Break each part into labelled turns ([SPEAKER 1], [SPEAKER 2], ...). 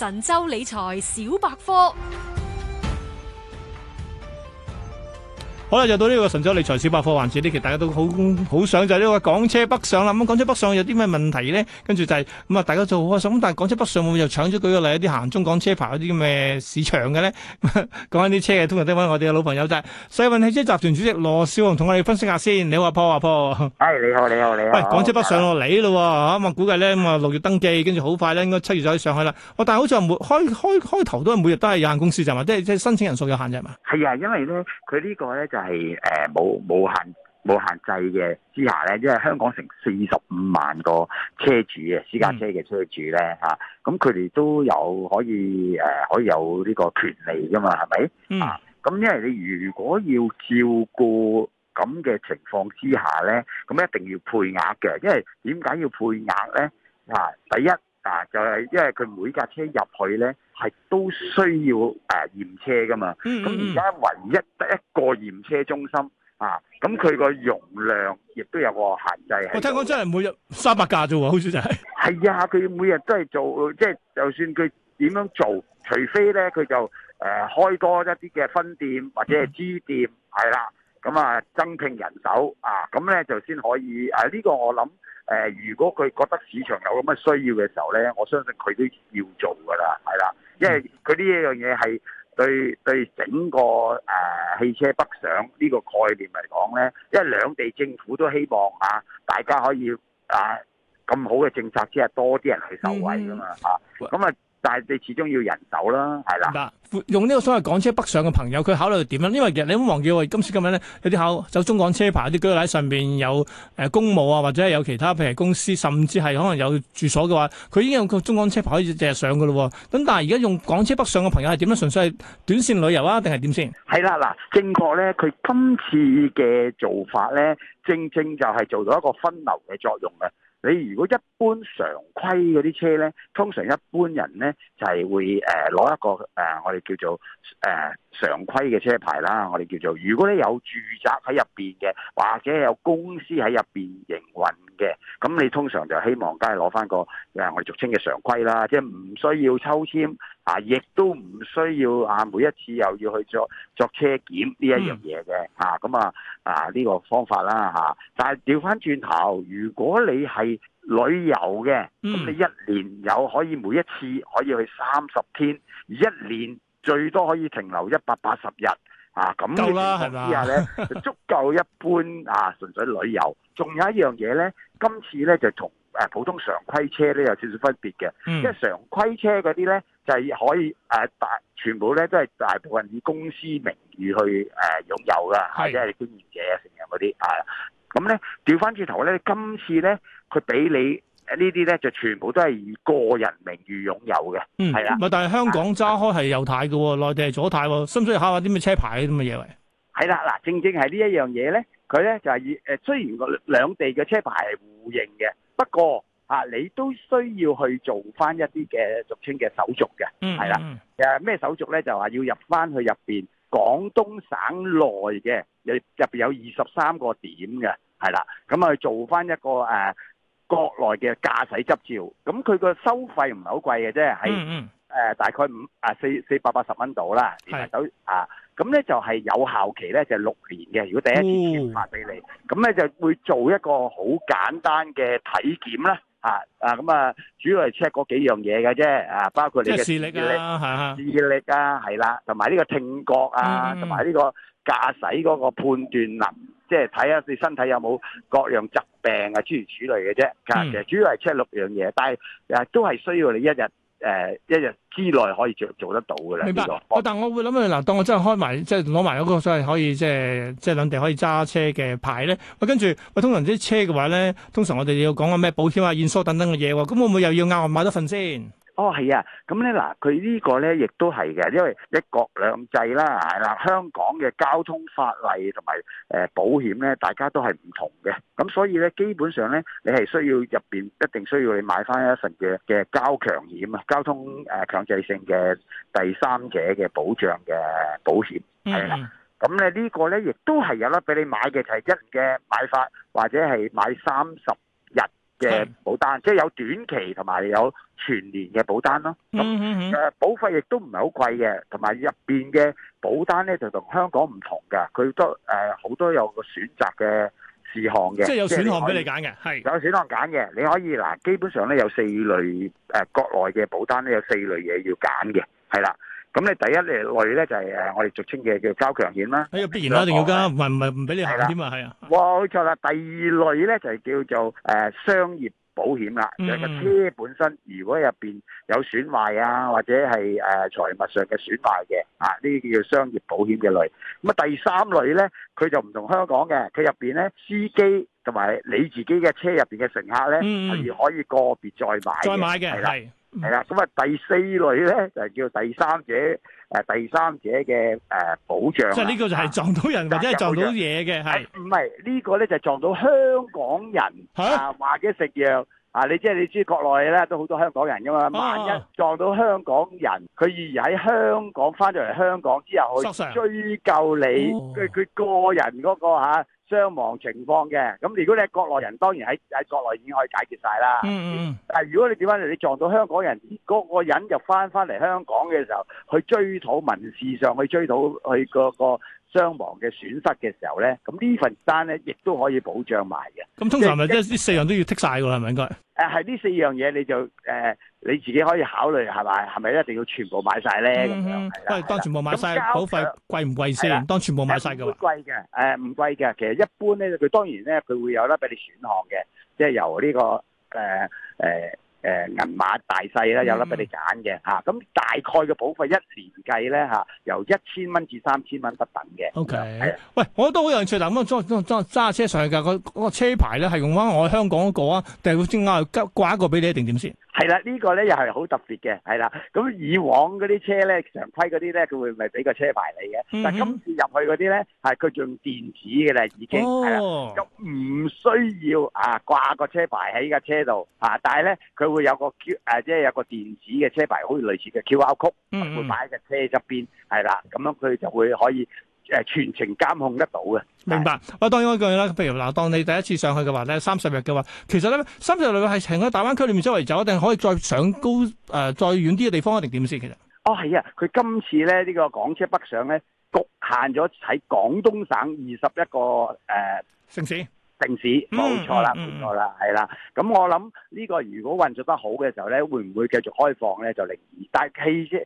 [SPEAKER 1] 神州理財小百科。
[SPEAKER 2] 好啦，又到呢個神州理財小百科環節，呢期大家都好好想就係呢個港車北上啦。咁港車北上有啲咩問題咧？跟住就係咁啊，大家就好開心。但係港車北上會唔會又搶咗舉個例，一啲行中港車牌嗰啲咁嘅市場嘅咧？講緊啲車嘅，通常都搵我哋嘅老朋友就係世運汽車集團主席羅少雄，同我哋分析下先。你好阿坡阿坡，係你
[SPEAKER 1] 好你好你好。喂，港車北
[SPEAKER 2] 上落嚟咯，吓咁啊，我估計咧咁啊六月登記，跟住好快咧，應該七月就可以上去啦。我但係好似係每開開開頭都係每日都係有限公司就係嘛，即係即係申請人數有限制嘛？
[SPEAKER 1] 係啊，因為咧佢呢個咧就。係誒冇冇限冇限制嘅之下咧，因為香港成四十五萬個車主嘅私家車嘅車主咧嚇，咁佢哋都有可以誒、呃、可以有呢個權利㗎嘛，係咪？嗯、啊，咁因為你如果要照顧咁嘅情況之下咧，咁一定要配額嘅，因為點解要配額咧？嗱、啊，第一。啊，就係、是、因為佢每架車入去咧，係都需要誒驗、啊、車噶嘛。咁而家唯一得一個驗車中心啊，咁佢個容量亦都有個限制。我聽講真係每日三百架啫喎，好似就係、是。係啊，佢每日都係做，即、就、係、是、就算佢點樣做，除非咧佢就誒、呃、開多一啲嘅分店或者係支店，係、嗯、啦，咁啊，啊增聘人手啊，咁咧就先可以。誒、啊、呢、這個我諗。誒、呃，如果佢覺得市場有咁嘅需要嘅時候呢，我相信佢都要做噶啦，係啦，因為佢呢一樣嘢係對對整個誒、呃、汽車北上呢個概念嚟講呢，因為兩地政府都希望啊，大家可以啊咁好嘅政策之下，多啲人去受惠噶嘛，嚇，咁啊。嗯但係你始終要人手啦，係啦。嗱，
[SPEAKER 2] 用呢個所謂港車北上嘅朋友，佢考慮點咧？因為其實你都忘記我今次今日咧，有啲考走中港車牌，有啲居喺上邊有誒公務啊，或者係有其他譬如公司，甚至係可能有住所嘅話，佢已經有個中港車牌可以借上噶咯。咁但係而家用港車北上嘅朋友係點樣？純粹係短線旅遊啊，定係點先？
[SPEAKER 1] 係啦，嗱，正確咧，佢今次嘅做法咧，正正就係做到一個分流嘅作用嘅。你如果一般常規嗰啲車咧，通常一般人咧就係、是、會攞、呃、一個誒、呃、我哋叫做誒。呃常規嘅車牌啦，我哋叫做，如果你有住宅喺入邊嘅，或者有公司喺入邊營運嘅，咁你通常就希望梗係攞翻個，誒我哋俗稱嘅常規啦，即係唔需要抽籤啊，亦都唔需要啊每一次又要去做作車檢呢一樣嘢嘅，咁啊，啊呢、啊啊啊這個方法啦，啊、但係調翻轉頭，如果你係旅遊嘅，咁你一年有可以每一次可以去三十天，一年。最多可以停留一百八十日啊！咁嘅情況之下咧， 就足夠一般啊，純粹旅遊。仲有一樣嘢咧，今次咧就同誒、啊、普通常規車咧有少少分別嘅，即、嗯、係常規車嗰啲咧就係可以誒，大、啊、全部咧都係大部分以公司名義去誒擁、啊、有㗎、啊，或者係觀念者成日嗰啲啊。咁咧調翻轉頭咧，今次咧佢俾你。這些呢啲咧就全部都係以個人名譽擁有嘅，
[SPEAKER 2] 係、嗯、啊。咪但係香港揸開係右太嘅，內、啊、地係左太，需唔需要考下啲咩車牌啲咁嘅嘢嚟？
[SPEAKER 1] 係啦，嗱，正正係呢一樣嘢咧，佢咧就係以誒，雖然兩地嘅車牌係互認嘅，不過吓、啊、你都需要去做翻一啲嘅俗稱嘅手續嘅，係、嗯、啦。誒、啊，咩手續咧？就話要入翻去入邊廣東省內嘅，入入邊有二十三個點嘅，係啦。咁啊，嗯嗯、做翻一個誒。啊國內嘅駕駛執照，咁佢個收費唔係好貴嘅啫，喺誒、嗯嗯呃、大概五啊四四百八十蚊到啦，啊，咁咧就係有效期咧就係、是、六年嘅，如果第一次簽發俾你，咁、嗯、咧就會做一個好簡單嘅體檢啦，吓啊咁啊，啊主要係 check 嗰幾樣嘢嘅啫，啊包括你嘅視力力視力啊係啦，同埋呢個聽覺啊，同埋呢個駕駛嗰個判斷能。即係睇下你身體有冇各樣疾病啊，諸如此類嘅啫，其實主要係七六樣嘢，但係誒都係需要你一日誒、呃、一日之內可以做做得到嘅咧。我、這
[SPEAKER 2] 個啊、但係我會諗啊，嗱，當我真係開埋即係攞埋嗰個所謂可以即係即係兩地可以揸車嘅牌咧，我、啊、跟住我、啊、通常啲車嘅話咧，通常我哋要講下咩保險啊、驗收等等嘅嘢喎，咁我唔會，會又要額外買多份先？
[SPEAKER 1] 哦，係啊，咁咧嗱，佢呢個咧亦都係嘅，因為一國兩制啦，嗱、啊，香港嘅交通法例同埋誒保險咧，大家都係唔同嘅，咁所以咧，基本上咧，你係需要入邊一定需要你買翻一份嘅嘅交強險啊，交通誒強制性嘅第三者嘅保障嘅保險，係啦、啊，咁咧呢個咧亦都係有得俾你買嘅，就係、是、一嘅買法，或者係買三十。嘅保單，即係有短期同埋有全年嘅保單咯。咁、嗯、誒，保費亦都唔係好貴嘅，同埋入邊嘅保單咧就同香港唔同嘅，佢都誒好、呃、多有個選擇嘅事項嘅，即係有選項俾你揀嘅，係有選項揀嘅，你可以嗱，基本上咧有四類誒、呃、國內嘅保單咧有四類嘢要揀嘅，係啦。咁你第一類咧就係誒，我哋俗稱嘅叫交強險啦。呢個
[SPEAKER 2] 必然啦，啊，一定，啊、要加，唔係唔係唔俾你行添啊，係啊。
[SPEAKER 1] 哇，冇錯啦。第二類咧就係叫做誒、呃、商業保險啦，啊。就係個車本身如果入邊有損壞啊，或者係誒財物上嘅損壞嘅，啊呢啲叫做商業保險嘅類。咁啊第三類咧，佢就唔同香港嘅，佢入邊咧司機同埋你自己嘅車入邊嘅乘客咧，係、嗯、可以個別再買。再買嘅係。係、嗯、啦，咁啊第四類咧就係叫第三者誒，第三者嘅誒、呃，保，啊、保障。即係呢個
[SPEAKER 2] 就係撞到人或者係，撞到嘢
[SPEAKER 1] 嘅係。唔係呢個咧就係撞到香港人啊，或者食藥啊，你即係你知國內啦，都好多香港人噶嘛。萬一撞到香港人，佢而喺香港翻咗嚟香港之後去追究你，佢、啊、佢個人嗰、那個吓。啊傷亡情況嘅，咁如果你係國內人，當然喺喺國內已經可以解決晒啦。嗯嗯，嗯。但係如果你點解你撞到香港人，嗰、那個人入翻翻嚟香港嘅時候，去追討民事上，去追討佢嗰個傷亡嘅損失嘅時候咧，咁呢份單咧，亦都可以保障埋嘅。咁、嗯、通常咪
[SPEAKER 2] 即係呢四樣都要剔晒噶啦，係咪應該？
[SPEAKER 1] 誒，係呢四樣嘢，你就誒。呃你自己可以考慮係咪係咪一定要全部買晒咧？嗯哼，
[SPEAKER 2] 係啊，當全部買晒，保、嗯、費貴唔
[SPEAKER 1] 貴先？當全部買晒嘅話，唔貴嘅，誒、呃、唔貴嘅。其實一般咧，佢當然咧，佢會有得俾你選項嘅，即係由呢、這個誒誒誒銀碼大細啦，有得俾你揀嘅嚇。咁、嗯啊、大概嘅保費一年計咧嚇、啊，由一千蚊至三千蚊不等嘅。
[SPEAKER 2] OK，的喂，我覺得都好有趣嗱，咁揸揸揸車上去架，個、那、嗰個車牌咧係用翻我香港嗰個啊，定係要嗌掛一個俾你定點先？
[SPEAKER 1] 係啦，呢個咧又係好特別嘅，係啦。咁以往嗰啲車咧，常規嗰啲咧，佢會咪俾個車牌你嘅、嗯嗯。但今次入去嗰啲咧，係佢用電子嘅啦，已經係啦，咁唔需要啊掛個車牌喺架車度啊。但係咧，佢會有個 Q 即、啊、係、即係、有個電子嘅車牌，好似類似嘅 QR code，嗯嗯會擺喺架車側邊，係啦，咁樣佢就會可以。誒，全程監控得到嘅，
[SPEAKER 2] 明白。我當然嗰句啦，譬如嗱，當你第一次上去嘅話咧，三十日嘅話，其實咧三十日嘅話係停喺大灣區裏面周圍走，一定可以再上高誒、呃，再遠啲嘅地方，一定點先？其實，
[SPEAKER 1] 哦係啊，佢今次咧呢、呢個港車北上咧，局限咗喺廣東省二十一個誒、呃、城市。城市冇錯啦，冇錯啦，係啦。咁我諗呢個如果運作得好嘅時候呢，會唔會繼續開放呢？就另議。但係汽車、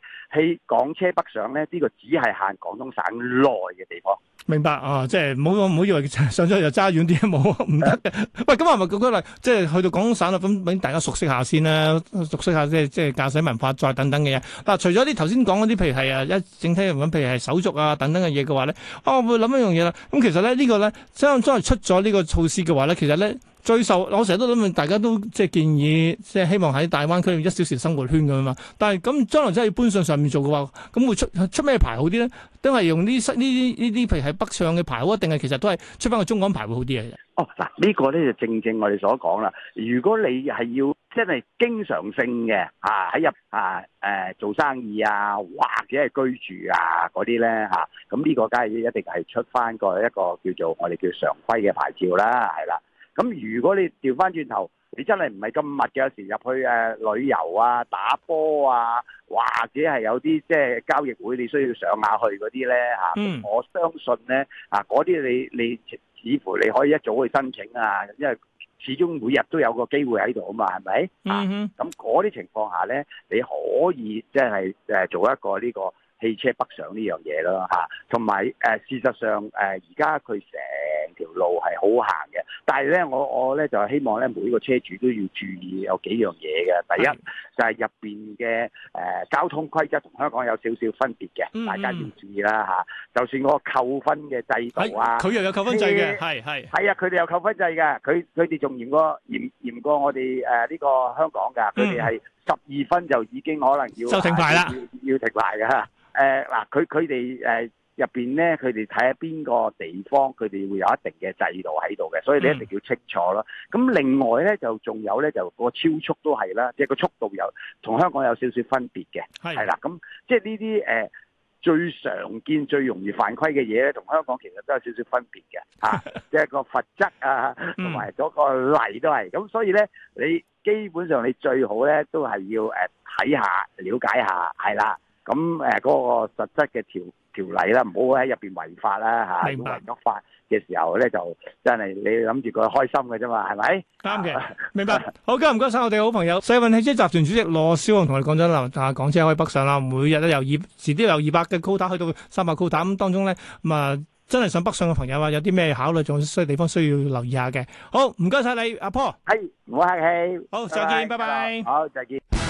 [SPEAKER 1] 汽港車北上呢，呢、呢個只係限廣東省內嘅地方。
[SPEAKER 2] 明白啊！即係唔好唔好以為上咗去就揸遠啲，冇唔得嘅。喂，咁係咪佢嚟？即、就、係、是、去到廣東省啦，咁畀大家熟悉下先啦，熟悉下即係即係駕駛文化，再等等嘅嘢。嗱、啊，除咗啲頭先講嗰啲，譬如係啊一整體樣本，譬如係手續啊等等嘅嘢嘅話咧、啊，我會諗一樣嘢啦。咁、啊、其實咧呢、這個咧，將將出咗呢個措施嘅話咧，其實咧。最受我成日都諗，大家都即係建議，即係希望喺大灣區用一小時生活圈咁，啊嘛。但係咁將來真係要搬上上面做嘅話，咁會出出咩牌好啲咧？都係用呢呢呢啲譬如喺北上嘅牌好啊，定係其實都係出翻個中港牌會好啲啊？哦，嗱，
[SPEAKER 1] 呢個咧就正正我哋所講啦。如果你係要真係經常性嘅啊喺入啊誒做生意啊或者係居住啊嗰啲咧嚇，咁呢、啊、個梗係一定係出翻個一個叫做我哋叫常規嘅牌照啦，係啦。咁如果你調翻轉頭，你真係唔係咁密嘅，有時入去誒旅遊啊、打波啊，或者係有啲即係交易會你需要上下去嗰啲咧嚇，我相信咧啊嗰啲你你，你似乎你可以一早去申請啊，因為始終每日都有個機會喺度啊嘛，係咪？咁嗰啲情況下咧，你可以即係誒做一個呢個汽車北上呢樣嘢咯嚇，同埋誒事實上誒而家佢成，呃成條路係好行嘅，但係咧，我我咧就希望咧，每個車主都要注意有幾樣嘢嘅。第一就係入邊嘅誒交通規則同香港有少少分別嘅，嗯，大家要注意啦吓。就算嗰個扣分嘅制度啊，佢、欸、又有扣分制嘅，係係係啊，佢哋有扣分制嘅，佢佢哋仲嚴過嚴嚴過我哋誒呢個香港噶，佢哋係十二分就已經可能要要停牌啦，要停牌嘅吓。誒、呃、嗱，佢佢哋誒。他他入邊咧，佢哋睇下邊個地方，佢哋會有一定嘅制度喺度嘅，所以你一定要清楚咯。咁、嗯、另外咧，就仲有咧，就個超速都係啦，即係個速度又同香港有少少分別嘅，係啦。咁即係呢啲誒最常見、最容易犯規嘅嘢咧，同香港其實都有少少分別嘅、 啊、即係個罰則啊，同埋嗰個例都係。咁所以咧，你基本上你最好咧，都係要呃、睇下、了解下，係啦。咁誒嗰個實質嘅條。條例啦，唔好喺入邊違法啦嚇，要違咗法嘅時候咧，就真係你諗住佢開心嘅啫嘛，係咪？啱嘅，明白。是嗯
[SPEAKER 2] 嗯明白嗯、好，今日唔該晒，我哋好朋友世運汽車集團主席羅少雄同你講咗啦，啊，港車可以北上啦，每日都由二遲啲由二百嘅高達去到三百高達，咁當中咧咁啊，真係想北上嘅朋友啊，有啲咩考慮，仲有啲地方需要留意一下嘅。好，唔該晒你，
[SPEAKER 1] 阿坡。係，唔好客氣。好，拜拜上見拜拜，拜拜。好，再見。